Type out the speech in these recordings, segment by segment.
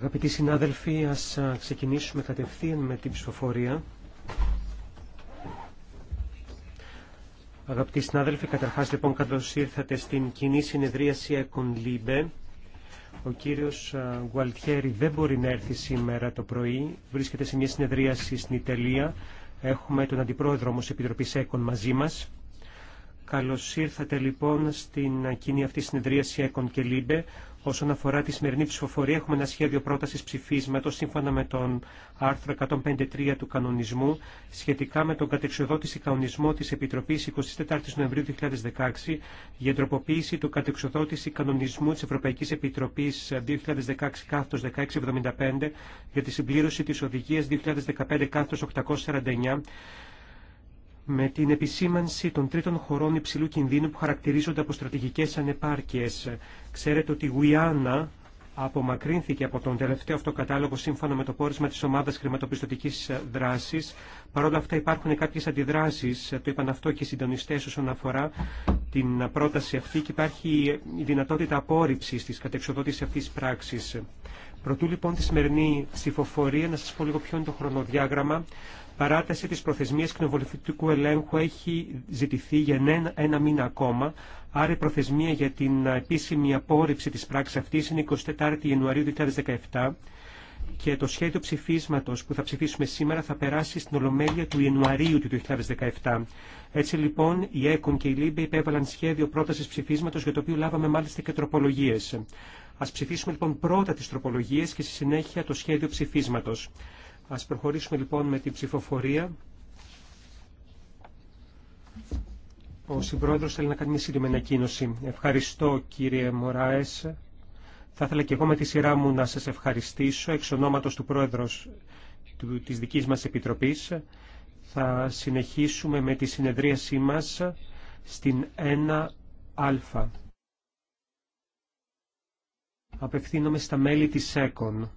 Αγαπητοί συνάδελφοι, ας ξεκινήσουμε κατευθείαν με την ψηφοφορία. Αγαπητοί συνάδελφοι, καταρχάς λοιπόν καλώς ήρθατε στην κοινή συνεδρίαση ΕΚΟΝ Ο κύριος Γουαλτιέρη δεν μπορεί να έρθει σήμερα το πρωί. Βρίσκεται σε μια συνεδρίαση στην Ιταλία. Έχουμε τον αντιπρόεδρο όμως Επιτροπής ΕΚΟΝ μαζί μας. Καλώς ήρθατε λοιπόν στην κοινή αυτή συνεδρίαση ΕΚΟΝ και ΛΥΜΠΕ. Όσον αφορά τη σημερινή ψηφοφορία, έχουμε ένα σχέδιο πρότασης ψηφίσματος σύμφωνα με τον άρθρο 153 του κανονισμού σχετικά με τον κατεξοδότηση κανονισμό της Επιτροπής 24 Νοεμβρίου 2016 για τροποποίηση του κατεξοδότηση κανονισμού της Ευρωπαϊκής Επιτροπής 2016 1675 για τη συμπλήρωση της οδηγίας 2015 849 με την επισήμανση των τρίτων χωρών υψηλού κινδύνου που χαρακτηρίζονται από στρατηγικές ανεπάρκειες. Ξέρετε ότι η Γουιάννα απομακρύνθηκε από τον τελευταίο αυτό κατάλογο σύμφωνα με το πόρισμα της ομάδας χρηματοπιστωτικής δράσης. Παρ' όλα αυτά υπάρχουν κάποιες αντιδράσεις, το είπαν αυτό και οι συντονιστές όσον αφορά την πρόταση αυτή και υπάρχει η δυνατότητα απόρριψη τη κατεξοδότηση αυτή τη πράξη. Προτού λοιπόν τη σημερινή ψηφοφορία, να σα πω λίγο ποιο είναι το χρονοδιάγραμμα. Παράταση τη προθεσμία κοινοβολευτικού ελέγχου έχει ζητηθεί για ένα, μήνα ακόμα, άρα η προθεσμία για την επίσημη απόρριψη τη πράξη αυτή είναι 24 Ιανουαρίου 2017 και το σχέδιο ψηφίσματος που θα ψηφίσουμε σήμερα θα περάσει στην Ολομέλεια του Ιανουαρίου του 2017. Έτσι λοιπόν η ΕΚΟΝ και η ΛΥΜΠΕ υπέβαλαν σχέδιο πρότασης ψηφίσματος για το οποίο λάβαμε μάλιστα και τροπολογίες. Ας ψηφίσουμε λοιπόν πρώτα τις τροπολογίες και στη συνέχεια το σχέδιο ψηφίσματος. Ας προχωρήσουμε λοιπόν με την ψηφοφορία. Ο συμπρόεδρος θέλει να κάνει μια σύντομη ανακοίνωση. Ευχαριστώ κύριε Μωράες. Θα ήθελα και εγώ με τη σειρά μου να σας ευχαριστήσω εξ ονόματος του Πρόεδρος της δικής μας Επιτροπής. Θα συνεχίσουμε με τη συνεδρίασή μας στην 1α. Απευθύνομαι στα μέλη της ΕΚΟΝ.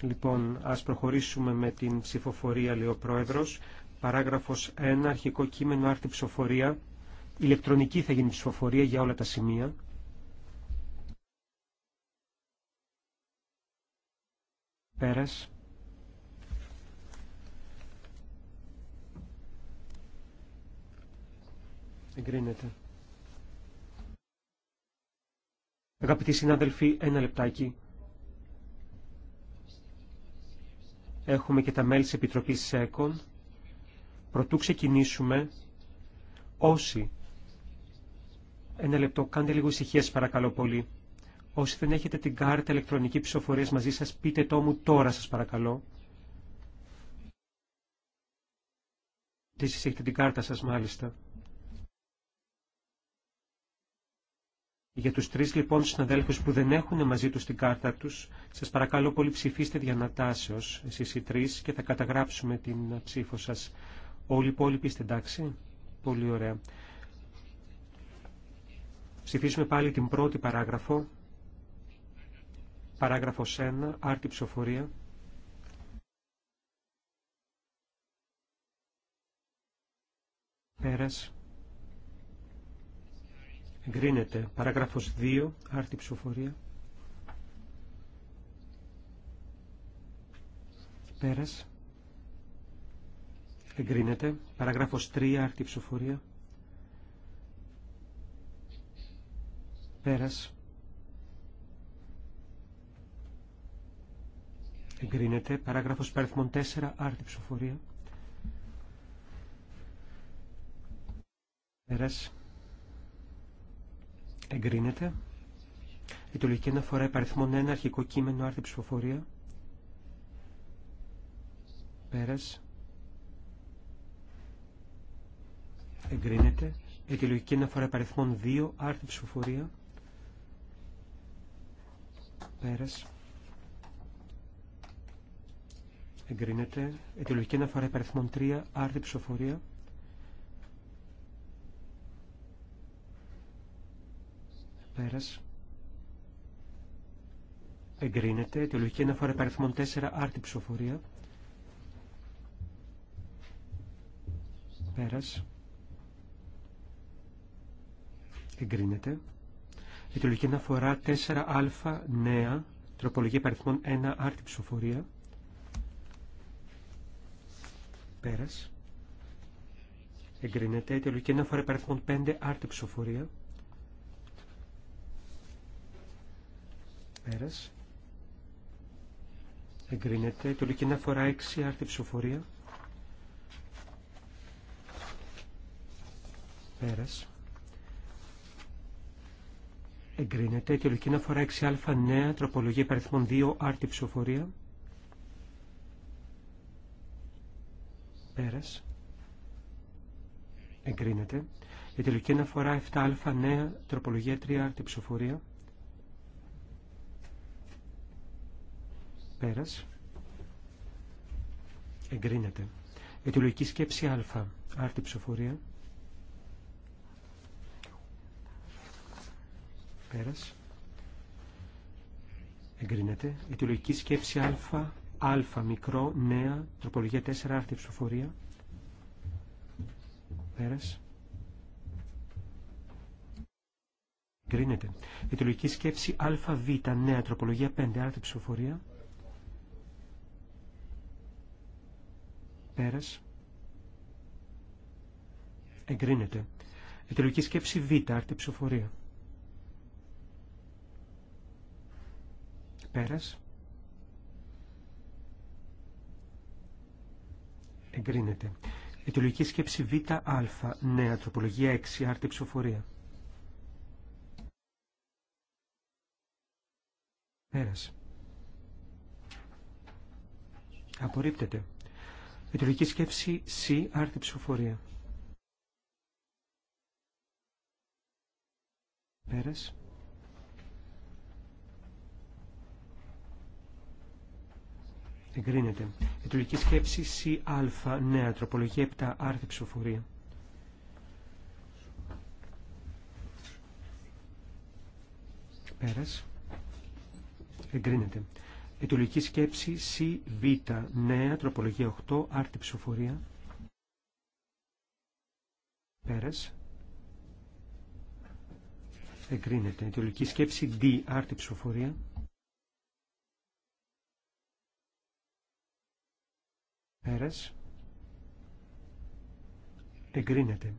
Λοιπόν, ας προχωρήσουμε με την ψηφοφορία, λέει ο Πρόεδρος. Παράγραφος 1, αρχικό κείμενο, άρτη ψηφοφορία. Ηλεκτρονική θα γίνει ψηφοφορία για όλα τα σημεία. Πέρας. Εγκρίνεται. Αγαπητοί συνάδελφοι, ένα λεπτάκι. Έχουμε και τα μέλη της Επιτροπής ΣΕΚΟΝ. Προτού ξεκινήσουμε, όσοι... Ένα λεπτό, κάντε λίγο ησυχία, παρακαλώ πολύ. Όσοι δεν έχετε την κάρτα ηλεκτρονική ψηφοφορίας μαζί σας, πείτε το μου τώρα σας παρακαλώ. Εσεί έχετε την κάρτα σας μάλιστα. Για τους τρεις λοιπόν συναδέλφου που δεν έχουν μαζί τους την κάρτα τους, σας παρακαλώ πολύ ψηφίστε διανατάσεως εσείς οι τρεις και θα καταγράψουμε την ψήφο σας. Όλοι οι υπόλοιποι είστε εντάξει. Πολύ ωραία. Ψηφίσουμε πάλι την πρώτη παράγραφο Παράγραφος 1. Άρτη ψηφοφορία. Πέρας. Εγκρίνεται. Παράγραφος 2. Άρτη ψηφοφορία. Πέρας. Εγκρίνεται. Παράγραφος 3. Άρτη ψηφοφορία. Πέρας. Εγκρίνεται. Παράγραφος πέρθμων 4. Άρτη ψηφοφορία. Πέρας. Εγκρίνεται. Λειτουργική αναφορά υπαριθμών 1. Αρχικό κείμενο. Άρτη ψηφοφορία. Πέρας. Εγκρίνεται. Αιτιολογική αναφορά υπαριθμών 2. Άρτη ψηφοφορία. Πέρας. εγκρίνεται. Αιτιολογική αναφορά υπαριθμών 3, άρτη ψηφοφορία. Πέρα Εγκρίνεται. Αιτιολογική αναφορά υπαριθμών 4, άρτη Πέρα. Πέρας. Εγκρίνεται. Αιτιολογική αναφορά 4α νέα, τροπολογία υπαριθμών 1, άρτη ψηφοφορία. Πέρα Εγκρίνεται. Αιτιολογική αναφορά υπαριθμών 5. Άρτη ψηφοφορία. Πέρα Εγκρίνεται. Αιτιολογική αναφορά 6. Άρτη ψηφοφορία. Πέρας. Εγκρίνεται. Αιτιολογική αναφορά 6α. Νέα τροπολογία υπαριθμών 2. Άρτη ψηφοφορία. Πέρας. Εγκρίνεται. Η τελική αναφορά 7α νέα τροπολογία 3 άρτη ψηφοφορία. Πέρας. Εγκρίνεται. Η τελική σκέψη α άρτη ψηφοφορία. Πέρας. Εγκρίνεται. Η τελική σκέψη α α μικρό, νέα, τροπολογία 4, άρθρη ψηφοφορία. Πέρας. Εγκρίνεται. Αιτιολογική σκέψη ΑΒ, νέα, τροπολογία 5, άρθρη ψηφοφορία. Πέρας. Εγκρίνεται. Ετολογική σκέψη Β, άρθρη ψηφοφορία. Πέρα. συγκρίνεται. σκέψη ΒΑ. Νέα τροπολογία 6. Άρτη ψηφοφορία. Πέρασε. Απορρίπτεται. σκέψη Σ. Άρτη ψηφοφορία. Πέρασε. Εγκρίνεται. Ετολική σκέψη ΣΑ νέα τροπολογία 7 άρθρη ψηφοφορία. Πέρας. Εγκρίνεται. Ετολική σκέψη ΣΒ νέα τροπολογία 8 άρθρη ψηφοφορία. Πέρας. Εγκρίνεται. Ετολική σκέψη D άρθρη ψηφοφορία. Πέρας. Εγκρίνεται.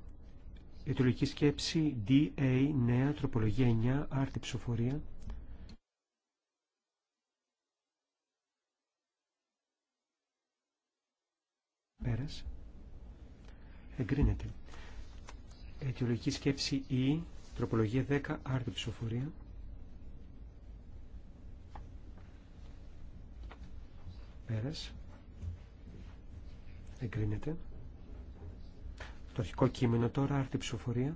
Ετολική σκέψη DA νέα τροπολογία 9 άρτη ψηφοφορία. Πέρας. Εγκρίνεται. Αιτιολογική σκέψη E, τροπολογία 10, άρτη ψηφοφορία. Πέρας κρίνεται. Το αρχικό κείμενο τώρα, άρτη ψηφοφορία.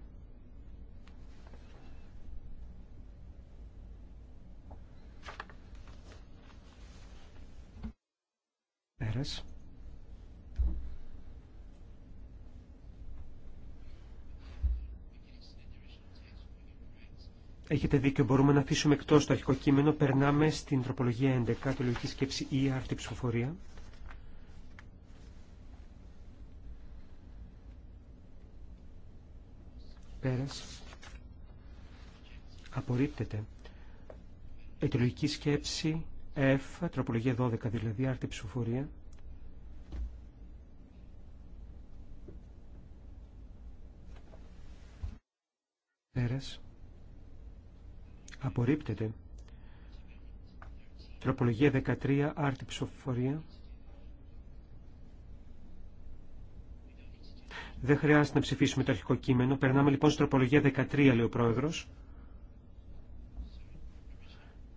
Πέρας. Έχετε δίκιο, μπορούμε να αφήσουμε εκτός το αρχικό κείμενο. Περνάμε στην τροπολογία 11, τη λογική σκέψη ή e, άρτη ψηφοφορία. Πέρας. Απορρίπτεται. εταιρεολογική σκέψη F, τροπολογία 12 δηλαδή, άρτη ψηφοφορία. Πέρας. Απορρίπτεται. Τροπολογία 13, άρτη ψηφοφορία. Δεν χρειάζεται να ψηφίσουμε το αρχικό κείμενο. Περνάμε λοιπόν στην τροπολογία 13, λέει ο πρόεδρο.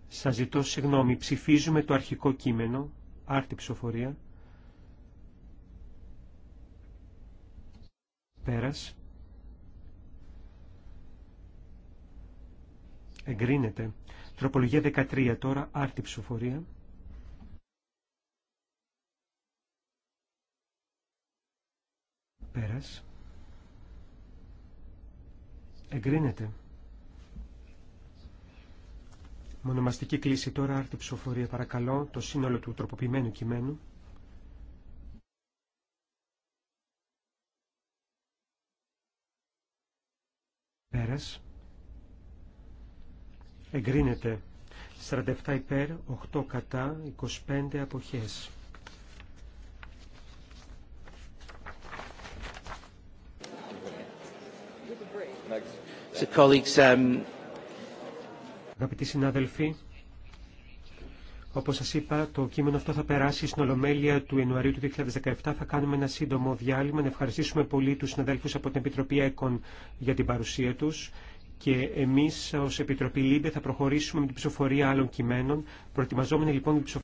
Σα ζητώ συγγνώμη. Ψηφίζουμε το αρχικό κείμενο. Άρτη ψηφοφορία. περα Εγκρίνεται. Τροπολογία 13 τώρα. Άρτη ψηφοφορία. Πέρας. Εγκρίνεται. Μονομαστική κλίση τώρα, άρτη ψηφοφορία παρακαλώ, το σύνολο του τροποποιημένου κειμένου. Πέρας. Εγκρίνεται. 47 υπέρ, 8 κατά, 25 αποχές. Um, Αγαπητοί συνάδελφοι, όπως σας είπα, το κείμενο αυτό θα περάσει στην Ολομέλεια του Ιανουαρίου του 2017. Θα κάνουμε ένα σύντομο διάλειμμα. Να ευχαριστήσουμε πολύ τους συναδέλφους από την Επιτροπή ΕΚΟΝ για την παρουσία τους και εμείς ως Επιτροπή ΛΥΜΠΕ θα προχωρήσουμε με την ψηφοφορία άλλων κειμένων. Προετοιμαζόμενοι λοιπόν την ψηφοφορία.